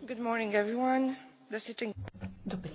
Dobrý morning, everyone. The sitting... Dobrý